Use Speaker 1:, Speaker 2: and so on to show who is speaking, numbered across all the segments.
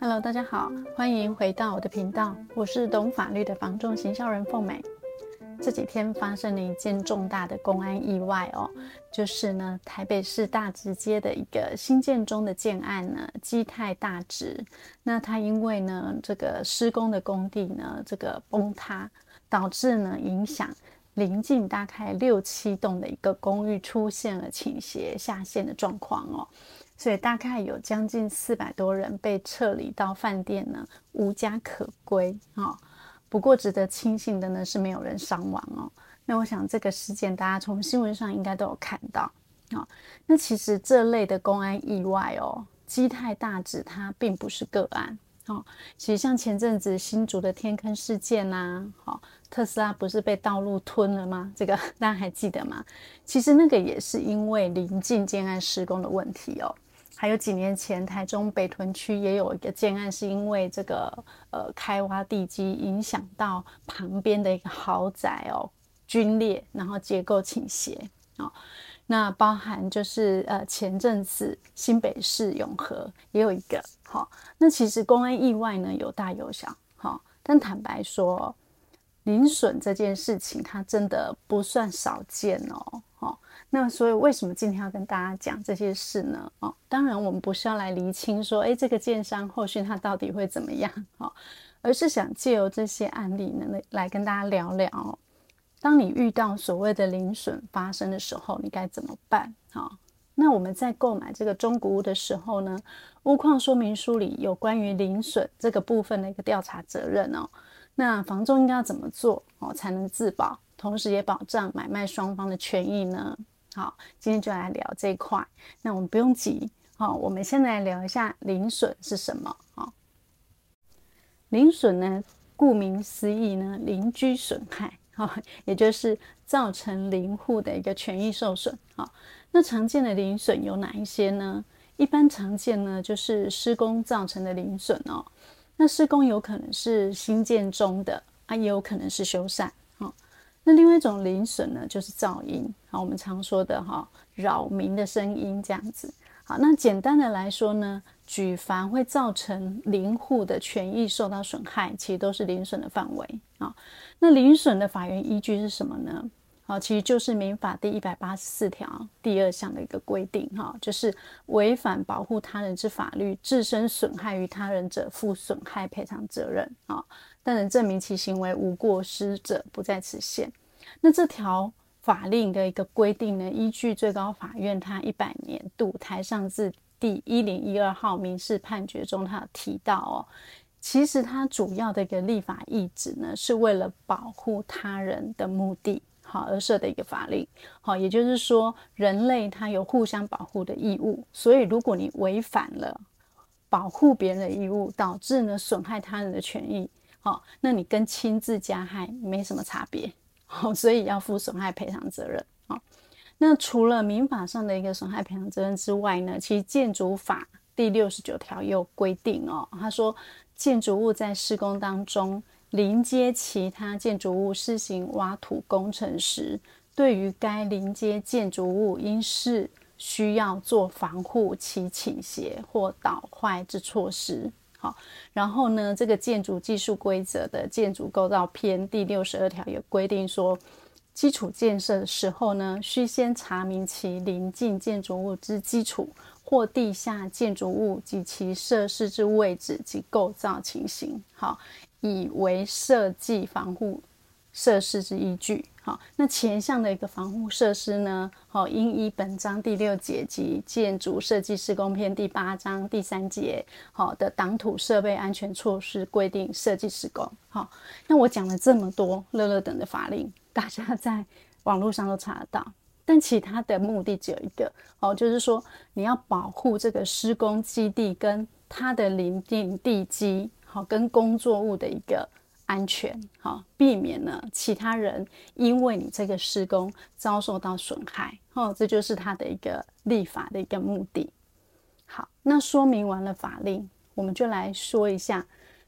Speaker 1: Hello，大家好，歡迎回到我的頻道，我是懂法律的房仲行銷人鳳美。這幾天發生了一件重大的公安意外哦，就是呢台北市大直街的一個新建中的建案呢，基泰大直，那他因為呢這個施工的工地呢這個崩塌。導致呢，影響鄰近大概六七棟的一個公寓出現了傾斜下陷的狀況哦，所以大概有將近四百多人被撤離到飯店呢，無家可歸哦。不過值得慶幸的呢是，沒有人傷亡哦。那我想這個事件大家從新聞上應該都有看到哦。那其實這類的公安意外哦，基泰大直它並不是個案。好、哦，其實像前陣子新竹的天坑事件吶、啊，好、哦，特斯拉不是被道路吞了嗎？這個大家還記得嗎？其實那個也是因為鄰近建案施工的問題哦。還有幾年前台中北屯區也有一個建案，是因為這個呃開挖地基影響到旁邊的一個豪宅哦，龜裂，然後結構傾斜哦。那包含就是呃前陣子新北市永和也有一個好、哦，那其實公安意外呢有大有小好、哦，但坦白說，鄰損這件事情它真的不算少見哦好、哦，那所以為什麼今天要跟大家講這些事呢？哦，當然我們不是要來釐清說，哎這個建商後續它到底會怎麼樣、哦、而是想借由這些案例呢來來跟大家聊聊。當你遇到所謂的鄰損發生的時候，你該怎麼辦？好，那我們在購買這個中古屋的時候呢，屋況說明書裡有關於鄰損這個部分的一個調查責任哦。那房仲應該要怎麼做哦，才能自保，同時也保障買賣雙方的權益呢？好，今天就來聊這一塊。那我們不用急，好、哦，我們先來聊一下鄰損是什麼？好、哦，鄰損呢，顧名思義呢，鄰居損害。也就是造成鄰戶的一個權益受損啊。那常見的鄰損有哪一些呢？一般常見呢就是施工造成的鄰損哦。那施工有可能是新建中的啊，也有可能是修繕啊。那另外一種鄰損呢就是噪音啊，我們常說的哈擾民的聲音這樣子。那簡單的來說呢，舉凡會造成鄰戶的權益受到損害，其實都是鄰損的範圍啊、哦。那鄰損的法源依據是什麼呢？啊、哦，其實就是民法第一百八十四條第二項的一個規定，哈、哦，就是違反保護他人之法律，自身損害於他人者，負損害賠償責任啊、哦。但能證明其行為無過失者，不在此限。那這條。法令的一個規定呢，依據最高法院它一百年度台上字第一零一二號民事判決中，它有提到哦，其實它主要的一個立法意旨呢，是為了保護他人的目的，好，而設的一個法令，好，也就是說人類他有互相保護的義務，所以如果你違反了保護別人的義務，導致呢損害他人的權益，好，那你跟親自加害沒什麼差別。好、哦，所以要負損害賠償責任。好、哦，那除了民法上的一個損害賠償責任之外呢，其實建築法第六十九條有規定哦，他說建築物在施工當中鄰接其他建築物施行挖土工程時，對於該鄰接建築物應視需要做防護其傾斜或倒壞之措施。好，然後呢，這個建築技術規則的建築構造篇第六十二條也規定說，基礎建設的時候呢，需先查明其鄰近建築物之基礎或地下建築物及其設施之位置及構造情形，好，以為設計防護。設施之依據，好，那前項的一個防護設施呢，好，應依本章第六節及建築設計施工篇第八章第三節，好的擋土設備安全措施規定設計施工，好，那我講了這麼多，樂樂等的法令，大家在網絡上都查得到，但其他的目的只有一個，好，就是說你要保護這個施工基地跟它的鄰近地基，好，跟工作物的一個。安全，避免呢其他人因為你這個施工遭受到損害，好、哦，這就是他的一個立法的一個目的。好，那說明完了法令，我們就來說一下，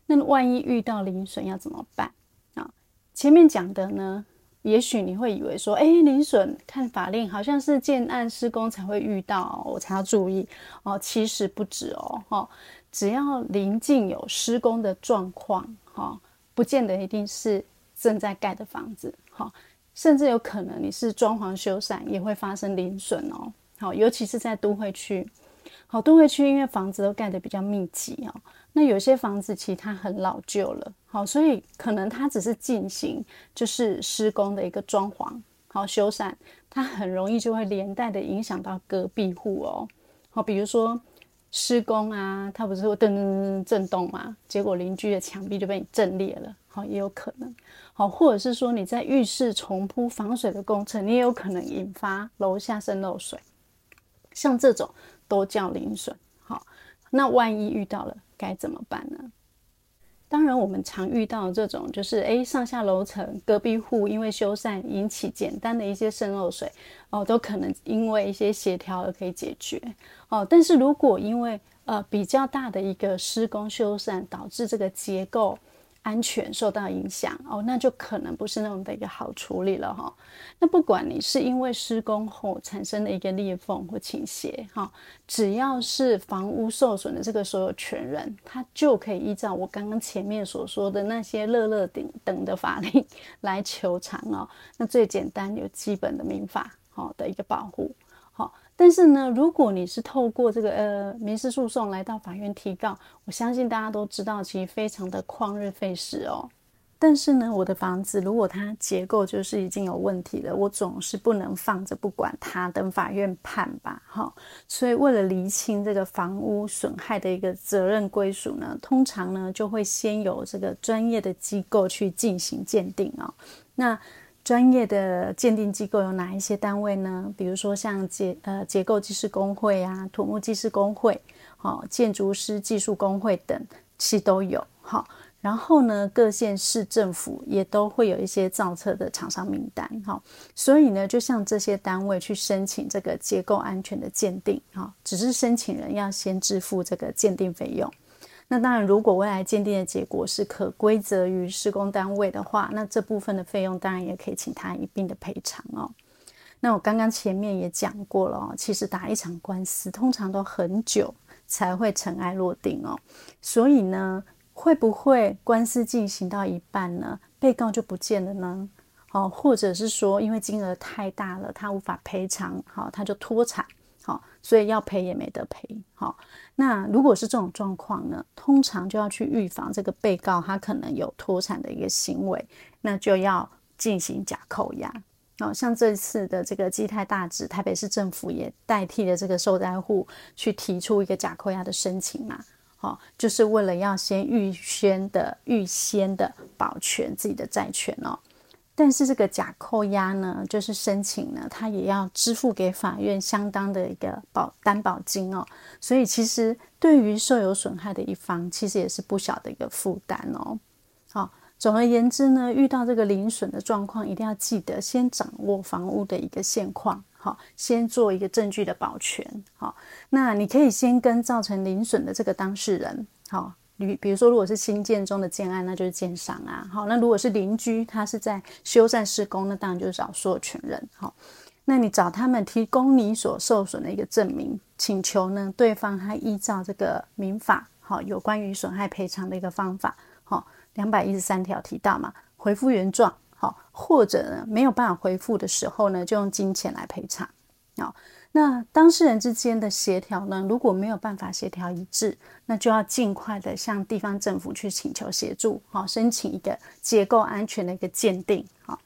Speaker 1: 那萬一遇到鄰損要怎麼辦啊、哦？前面講的呢，也許你會以為說，哎、欸，鄰損看法令好像是建案施工才會遇到、哦，我才要注意哦。其實不止哦，哦，只要鄰近有施工的狀況，哈、哦。不見得一定是正在蓋的房子，好，甚至有可能你是裝潢修繕也會發生鄰損哦。好，尤其是在都會區，好，都會區因為房子都蓋得比較密集哦，那有些房子其實它很老舊了，好，所以可能它只是進行就是施工的一個裝潢，好修繕，它很容易就會連帶的影響到隔壁戶哦。好，比如說。施工啊，它不是說噔噔噔震動嗎？結果鄰居的牆壁就被你震裂了，好，也有可能，好，或者是說你在浴室重鋪防水的工程，你也有可能引發樓下滲漏水，像這種都叫鄰損。好，那萬一遇到了該怎麼辦呢？當然，我們常遇到這種，就是誒，上下樓層隔壁戶，因為修繕引起簡單的一些滲漏水，哦，都可能因為一些協調而可以解決，哦。但是如果因為呃比較大的一個施工修繕，導致這個結構。安全受到影響哦，那就可能不是那麼的一個好處理了哈。那不管你是因為施工後產生的一個裂縫或傾斜哈，只要是房屋受損的這個所有權人，他就可以依照我剛剛前面所說的那些樂樂頂等的法令來求償哦。那最簡單又基本的民法哦的一個保護。但是呢，如果你是透過這個呃民事訴訟來到法院提告，我相信大家都知道，其實非常的曠日費時哦。但是呢，我的房子如果它結構就是已經有問題了，我總是不能放着不管它，等法院判吧，哈、哦。所以為了釐清這個房屋損害的一個責任歸屬呢，通常呢就會先由這個專業的機構去進行鑑定啊、哦。那專業的鑑定機構有哪一些單位呢？比如說像結呃結構技師工會啊、土木技師工會、哦，建築師技術工會等，其實都有好、哦。然後呢，各縣市政府也都會有一些造冊的廠商名單好、哦。所以呢，就向這些單位去申請這個結構安全的鑑定啊、哦，只是申請人要先支付這個鑑定費用。那當然，如果未來鑑定的結果是可歸責於施工單位的話，那這部分的費用當然也可以請他一併的賠償哦。那我剛剛前面也講過了哦，其實打一場官司通常都很久才會塵埃落定哦。所以呢，會不會官司進行到一半呢？被告就不見了呢？哦，或者是說因為金額太大了，他無法賠償，好，哦，他就脫產。好、哦，所以要賠也沒得賠。好、哦，那如果是這種狀況呢，通常就要去預防這個被告他可能有脫產的一個行為，那就要進行假扣押。哦、像這次的這個基泰大直，台北市政府也代替了這個受災戶去提出一個假扣押的申請嘛。好、哦，就是為了要先預先的預先的保全自己的債權哦但是這個假扣押呢，就是申請呢，他也要支付給法院相當的一個保擔保金哦，所以其實對於受有損害的一方，其實也是不小的一個負擔哦。好、哦，總而言之呢，遇到這個鄰損的狀況，一定要記得先掌握房屋的一個現況，好、哦，先做一個證據的保全，好、哦，那你可以先跟造成鄰損的這個當事人，好、哦。比如說，如果是新建中的建案，那就是建商啊。好，那如果是鄰居，他是在修繕施工，那當然就是找所有權人。好，那你找他們提供你所受損的一個證明，請求呢對方他依照這個民法好有關於損害賠償的一個方法。好，兩百一十三條提到嘛，回復原狀。好，或者呢沒有辦法回復的時候呢，就用金錢來賠償。好。那當事人之間的協調呢？如果沒有辦法協調一致，那就要儘快的向地方政府去請求協助，好、哦，申請一個結構安全的一個鑑定，好、哦。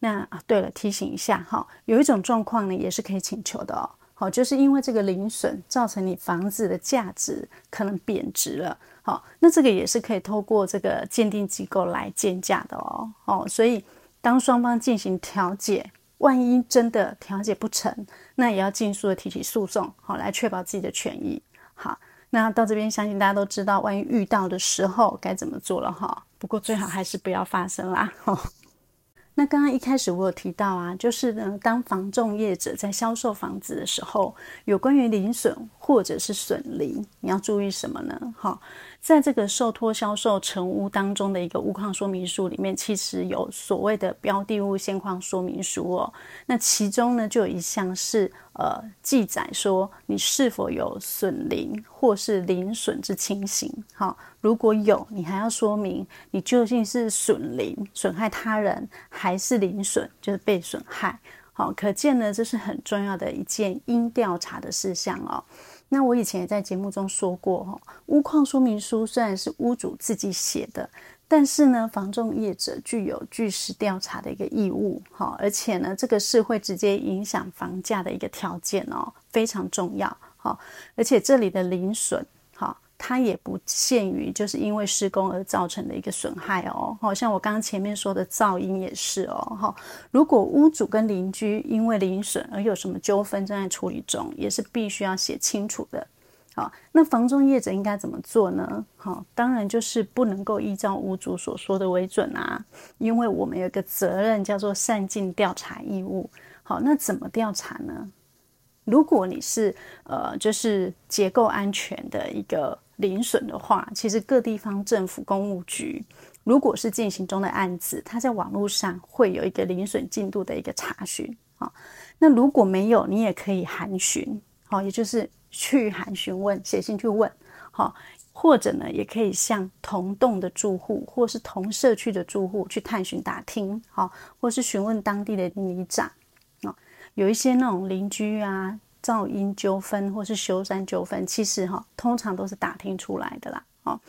Speaker 1: 那啊，對了，提醒一下哈、哦，有一種狀況呢，也是可以請求的哦，好、哦，就是因為這個鄰損造成你房子的價值可能貶值了，好、哦，那這個也是可以透過這個鑑定機構來鑑價的哦，好、哦，所以當雙方進行調解。萬一真的調解不成，那也要盡速的提起訴訟，好來確保自己的權益。好，那到這邊相信大家都知道，萬一遇到的時候該怎麼做了哈。不過最好還是不要發生啦。那剛剛一開始我有提到啊，就是呢，當房仲業者在銷售房子的時候，有關於鄰損或者是損鄰，你要注意什麼呢？哈。在這個受托銷售成屋當中的一個物況說明書裡面，其實有所謂的標的物現況說明書哦。那其中呢，就有一項是呃記載說，你是否有損鄰或是鄰損之情形。好、哦，如果有，你還要說明你究竟是損鄰損害他人，還是鄰損就是被損害。好、哦，可見呢這是很重要的一件應調查的事項哦。那我以前也在節目中說過，哈，屋況說明書雖然是屋主自己寫的，但是呢，房仲業者具有據實調查的一個義務，哈，而且呢，這個是會直接影響房價的一個條件哦，非常重要，哈，而且這裡的鄰損，它也不限於就是因為施工而造成的一個損害哦、喔，好像我剛剛前面說的噪音也是哦，好，如果屋主跟鄰居因為鄰損而有什麼糾紛正在處理中，也是必須要寫清楚的。好，那房仲業者應該怎麼做呢？好，當然就是不能夠依照屋主所說的為準啊，因為我們有一個責任叫做善盡調查義務。好，那怎麼調查呢？如果你是呃，就是結構安全的一個。鄰損的話，其實各地方政府工務局，如果是進行中的案子，它在網絡上會有一個鄰損進度的一個查詢啊、哦。那如果沒有，你也可以函詢，好、哦，也就是去函詢問、寫信去問，好、哦，或者呢，也可以向同棟的住戶，或是同社區的住戶去探尋打聽，好、哦，或是詢問當地的里長，啊、哦，有一些那種鄰居啊。噪音糾紛或是修繕糾紛，其實哈、哦，通常都是打聽出來的啦。好、哦，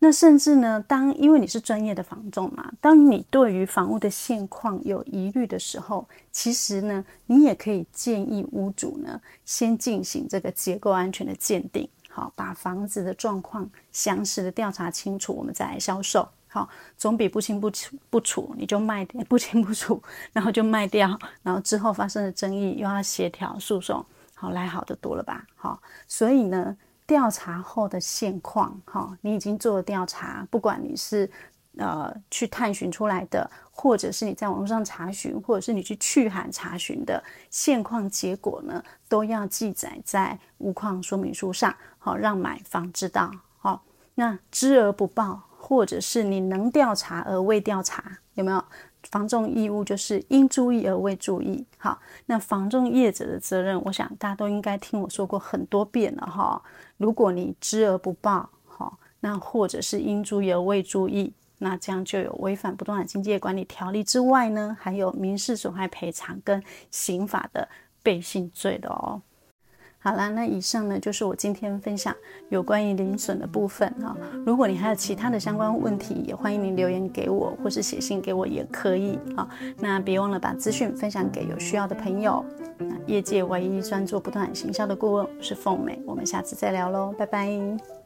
Speaker 1: 那甚至呢，當因為你是專業的房仲嘛，當你對於房屋的現況有疑慮的時候，其實呢，你也可以建議屋主呢，先進行這個結構安全的鑑定，好、哦，把房子的狀況詳實的調查清楚，我們再來銷售，好、哦，總比不清不楚不楚你就賣掉不清不楚，然後就賣掉，然後之後發生的爭議又要協調訴訟。好，來好的多了吧，好、哦，所以呢，調查後的現況，哈、哦，你已經做了調查，不管你是，呃，去探尋出來的，或者是你在網絡上查詢，或者是你去去函查詢的現況結果呢，都要記載在物況說明書上，好、哦，讓買方知道，好、哦，那知而不報，或者是你能調查而未調查，有沒有？房仲義務就是應注意而未注意，好，那房仲業者的責任，我想大家都應該聽我說過很多遍了哈、哦。如果你知而不報、哦，那或者是應注意而未注意，那這樣就有違反不動產經紀管理條例之外呢，還有民事損害賠償跟刑法的背信罪的哦。好啦，那以上呢就是我今天分享有關於鄰損的部分啊、哦。如果你還有其他的相關問題，也歡迎您留言給我，或是寫信給我也可以啊、哦。那別忘了把資訊分享給有需要的朋友。業界唯一專做不動產行銷的顧問，我是鳳美，我們下次再聊嘍，拜拜。